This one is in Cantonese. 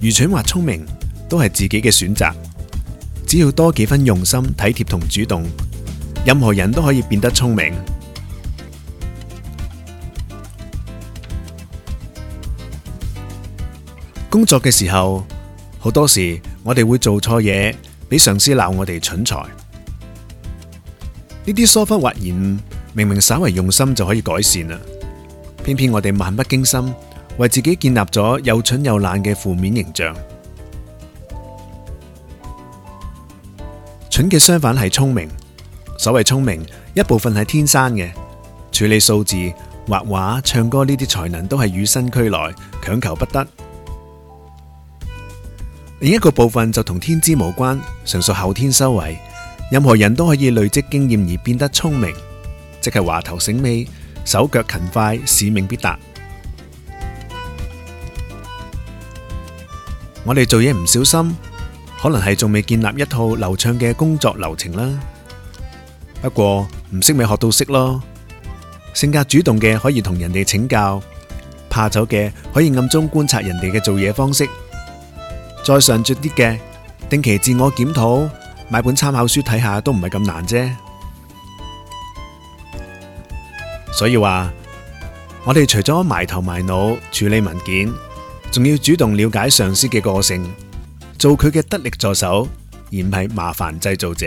愚蠢或聰明都係自己嘅選擇，只要多幾分用心、體貼同主動，任何人都可以變得聰明。工作嘅時候，好多時我哋會做錯嘢，俾上司鬧我哋蠢材。呢啲疏忽或延誤，明明稍為用心就可以改善啦，偏偏我哋漫不經心。為自己建立咗又蠢又懶嘅負面形象。蠢嘅相反係聰明。所謂聰明，一部分係天生嘅，處理數字、畫畫、唱歌呢啲才能都係與生俱來，強求不得。另一個部分就同天資無關，純屬後天修為。任何人都可以累積經驗而變得聰明，即係話頭醒尾，手腳勤快，使命必達。我哋做嘢唔小心，可能係仲未建立一套流暢嘅工作流程啦。不過唔識咪學到識咯。性格主動嘅可以同人哋請教，怕醜嘅可以暗中觀察人哋嘅做嘢方式。再上進啲嘅，定期自我檢討，買本參考書睇下都唔係咁難啫。所以話，我哋除咗埋頭埋腦處理文件。仲要主動了解上司嘅個性，做佢嘅得力助手，而唔係麻煩製造者。